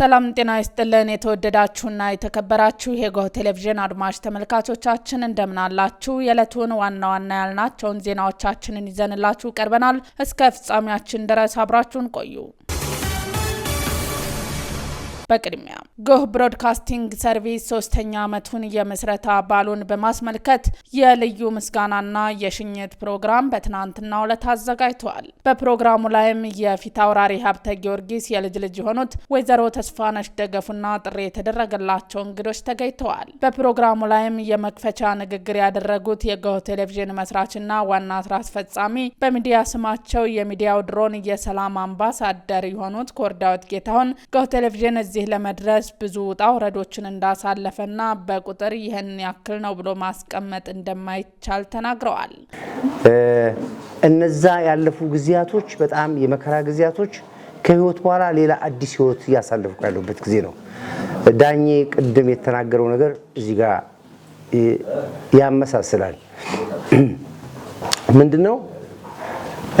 ሰላም ጤና ይስጥልን። የተወደዳችሁና የተከበራችሁ የጎህ ቴሌቪዥን አድማጭ ተመልካቾቻችን እንደምናላችሁ። የዕለቱን ዋና ዋና ያልናቸውን ዜናዎቻችንን ይዘንላችሁ ቀርበናል። እስከ ፍጻሜያችን ድረስ አብራችሁን ቆዩ። በቅድሚያ ጎህ ብሮድካስቲንግ ሰርቪስ ሶስተኛ ዓመቱን የምስረታ በዓሉን በማስመልከት የልዩ ምስጋናና የሽኝት ፕሮግራም በትናንትናው ዕለት አዘጋጅተዋል። በፕሮግራሙ ላይም አውራሪ ሀብተ ጊዮርጊስ የልጅ ልጅ የሆኑት ወይዘሮ ተስፋነሽ ደገፉና ጥሪ የተደረገላቸው እንግዶች ተገኝተዋል። በፕሮግራሙ ላይም የመክፈቻ ንግግር ያደረጉት የጎህ ቴሌቪዥን መስራችና ዋና ስራ አስፈጻሚ በሚዲያ ስማቸው የሚዲያው ድሮን የሰላም አምባሳደር የሆኑት ኮርዳዊት ጌታሁን ጎህ ቴሌቪዥን እዚህ እዚህ ለመድረስ ብዙ ውጣ ውረዶችን እንዳሳለፈና በቁጥር ይህን ያክል ነው ብሎ ማስቀመጥ እንደማይቻል ተናግረዋል። እነዛ ያለፉ ጊዜያቶች በጣም የመከራ ጊዜያቶች ከህይወት በኋላ ሌላ አዲስ ህይወት እያሳለፉ ያለበት ጊዜ ነው። ዳኜ ቅድም የተናገረው ነገር እዚህ ጋር ያመሳስላል። ምንድን ነው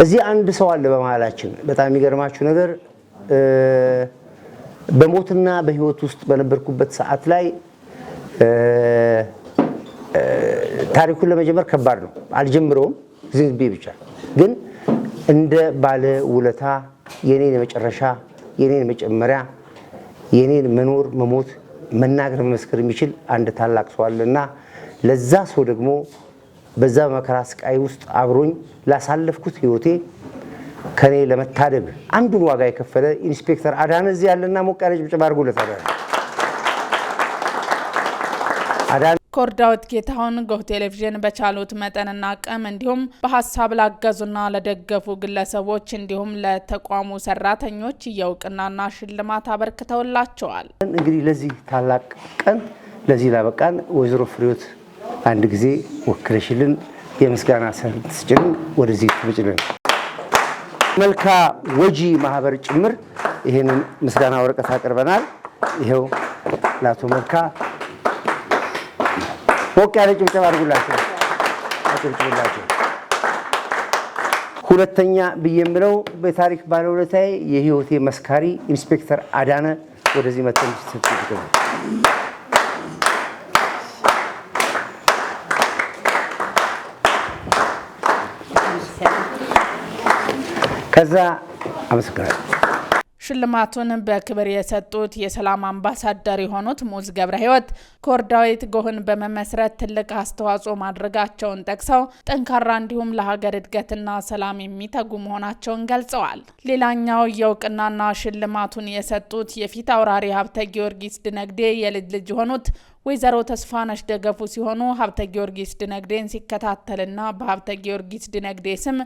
እዚህ አንድ ሰው አለ በመሀላችን። በጣም የሚገርማችሁ ነገር በሞትና በህይወት ውስጥ በነበርኩበት ሰዓት ላይ ታሪኩን ለመጀመር ከባድ ነው። አልጀምረውም። ዝንቤ ብቻ ግን እንደ ባለ ውለታ የኔን መጨረሻ፣ የኔን መጨመሪያ፣ የኔን መኖር መሞት፣ መናገር መመስከር የሚችል አንድ ታላቅ ሰው አለ ለዛ ሰው ደግሞ በዛ በመከራ ስቃይ ውስጥ አብሮኝ ላሳለፍኩት ህይወቴ ከኔ ለመታደግ አንዱን ዋጋ የከፈለ ኢንስፔክተር አዳነ እዚህ ያለና ሞቅ ያለ ጭብጨባ አድርጎለታል። ኮር ዳዊት ጌታሁን ጎህ ቴሌቪዥን በቻሉት መጠንና አቅም እንዲሁም በሀሳብ ላገዙና ለደገፉ ግለሰቦች እንዲሁም ለተቋሙ ሰራተኞች የእውቅናና ሽልማት አበርክተውላቸዋል። እንግዲህ ለዚህ ታላቅ ቀን ለዚህ ላበቃን ወይዘሮ ፍሬዎት አንድ ጊዜ ወክለሽልን የምስጋና ስጭልን ወደዚህ ትብጭልን መልካ ወጂ ማህበር ጭምር ይሄንን ምስጋና ወረቀት አቅርበናል። ይሄው ለአቶ መልካ ሞቅ ያለ ጭብጨባ አድርጉላቸው፣ ሁለተኛ ብዬ የምለው በታሪክ ባለውለታዬ የህይወቴ መስካሪ ኢንስፔክተር አዳነ ወደዚህ መተን ሲሰጥ ከዛ አመሰግናለሁ። ሽልማቱን በክብር የሰጡት የሰላም አምባሳደር የሆኑት ሙዝ ገብረ ሕይወት ኮርዳዊት ጎህን በመመስረት ትልቅ አስተዋጽኦ ማድረጋቸውን ጠቅሰው ጠንካራ እንዲሁም ለሀገር እድገትና ሰላም የሚተጉ መሆናቸውን ገልጸዋል። ሌላኛው የእውቅናና ሽልማቱን የሰጡት የፊት አውራሪ ሀብተ ጊዮርጊስ ድነግዴ የልጅ ልጅ የሆኑት ወይዘሮ ተስፋነሽ ደገፉ ሲሆኑ ሀብተ ጊዮርጊስ ድነግዴን ሲከታተልና በሀብተ ጊዮርጊስ ድነግዴ ስም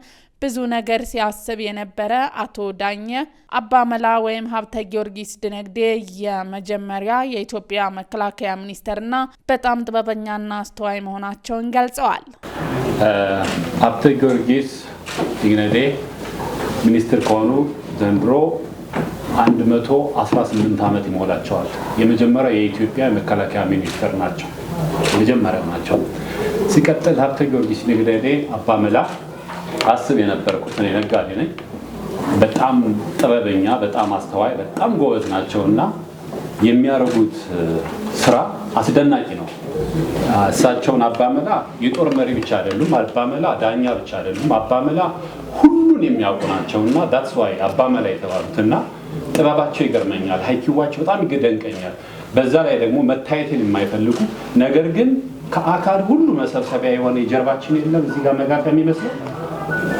ብዙ ነገር ሲያስብ የነበረ አቶ ዳኘ አባመላ ወይም ሀብተ ጊዮርጊስ ድነግዴ የመጀመሪያ የኢትዮጵያ መከላከያ ሚኒስትርና በጣም ጥበበኛና አስተዋይ መሆናቸውን ገልጸዋል። ሀብተ ጊዮርጊስ ድነግዴ ሚኒስትር ከሆኑ ዘንድሮ 118 ዓመት ይሞላቸዋል። የመጀመሪያው የኢትዮጵያ መከላከያ ሚኒስትር ናቸው። የመጀመሪያው ናቸው። ሲቀጥል ሀብተ ጊዮርጊስ ንግደዴ አባ መላ አስብ የነበርኩት እኔ ነጋዴ ነኝ። በጣም ጥበበኛ፣ በጣም አስተዋይ፣ በጣም ጎበዝ ናቸው እና የሚያደርጉት ስራ አስደናቂ ነው። እሳቸውን አባመላ የጦር መሪ ብቻ አይደሉም። አባመላ ዳኛ ብቻ አይደሉም። አባመላ የሚያውቁ ናቸው እና ዳትስ ዋይ የተባሉት የተባሉትና ጥበባቸው ይገርመኛል። ሀይኪዋቸው በጣም ይደንቀኛል። በዛ ላይ ደግሞ መታየትን የማይፈልጉ ነገር ግን ከአካል ሁሉ መሰብሰቢያ የሆነ የጀርባችን የለም እዚህ ጋር መጋፊያ የሚመስለው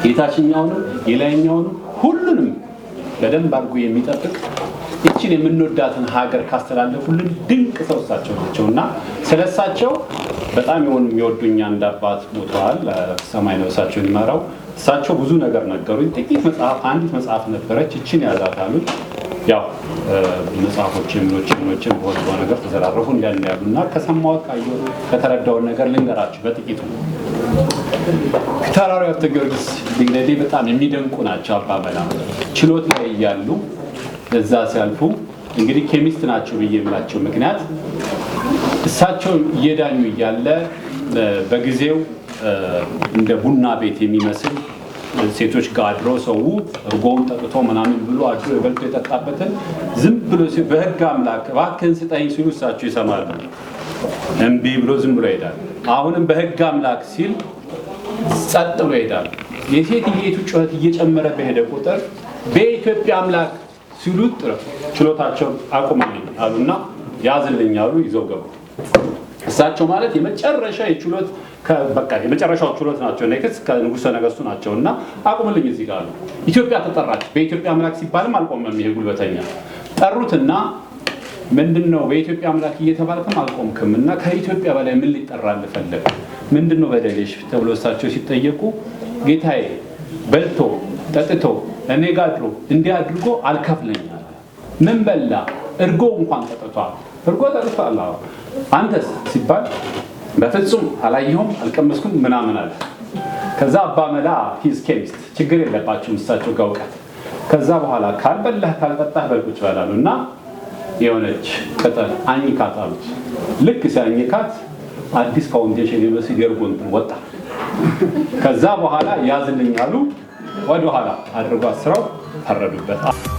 የታችኛውንም የላይኛውንም ሁሉንም በደንብ አድርጎ የሚጠብቅ ይችን የምንወዳትን ሀገር ካስተላለፉልን ድንቅ ሰው እሳቸው ናቸው እና ስለሳቸው በጣም የሆኑ የሚወዱኝ አንድ አባት ሞተዋል። ሰማይ ነብሳቸው ይማረው። እሳቸው ብዙ ነገር ነገሩኝ። ጥቂት መጽሐፍ አንዲት መጽሐፍ ነበረች፣ እችን ያዛት አሉኝ። ያው መጽሐፎች ምኖች ምኖችን በሆነ ነገር ተዘራረፉ እንዲያን ያሉ እና ከሰማሁት ካየሁት ከተረዳውን ነገር ልንገራችሁ በጥቂቱ። ተራራ ሀብተ ጊዮርጊስ ዲግነዴ በጣም የሚደንቁ ናቸው። አባ መላ ችሎት ላይ እያሉ እዛ ሲያልፉ እንግዲህ ኬሚስት ናቸው ብዬ የምላቸው ምክንያት እሳቸው እየዳኙ እያለ በጊዜው እንደ ቡና ቤት የሚመስል ሴቶች ጋር አድሮ ሰው እርጎውን ጠጥቶ ምናምን ብሎ አድሮ የበልቶ የጠጣበትን ዝም ብሎ በህግ አምላክ እባክህን ስጠኝ ሲሉ እሳቸው ይሰማሉ። እምቢ ብሎ ዝም ብሎ ይሄዳል። አሁንም በህግ አምላክ ሲል ጸጥ ብሎ ይሄዳል። የሴትየቱ ጩኸት እየጨመረ በሄደ ቁጥር በኢትዮጵያ አምላክ ሲሉ ችሎታቸውን አቁምልኝ አሉና ያዝልኝ አሉ። ይዘው ገቡ። እሳቸው ማለት የመጨረሻ የችሎት በቃ የመጨረሻው ችሎት ናቸው። ኔክስ ከንጉሰ ነገስቱ ናቸው እና አቁምልኝ እዚህ ጋር ኢትዮጵያ ተጠራች። በኢትዮጵያ አምላክ ሲባልም አልቆመም። ይሄ ጉልበተኛ ጠሩትና ምንድን ነው በኢትዮጵያ አምላክ እየተባልክም አልቆምክም እና ከኢትዮጵያ በላይ ምን ሊጠራ ፈለግ ምንድን ነው በደሌሽ ተብሎ እሳቸው ሲጠየቁ ጌታዬ በልቶ ጠጥቶ እኔ ጋድሮ እንዲህ አድርጎ አልከፍለኛል። ምን በላ እርጎ እንኳን ተጠቷል። እርጎ ጠጥቷል። አንተስ ሲባል በፍጹም አላየሁም፣ አልቀመስኩም ምናምን አለ። ከዛ አባ መላ ሂዝ ኬሚስት ችግር የለባቸውም እሳቸው ጋር እውቀት። ከዛ በኋላ ካልበላህ ካልጠጣህ በልቁጭ ይበላሉ እና የሆነች ቅጠል አኝካት አሉት። ልክ ሲያኝካት አዲስ ፋውንዴሽን ዩኒቨርሲቲ የእርጎ እንትን ወጣ። ከዛ በኋላ ያዝልኝ አሉ። ወደኋላ አድርጓት ስራው ፈረዱበታል።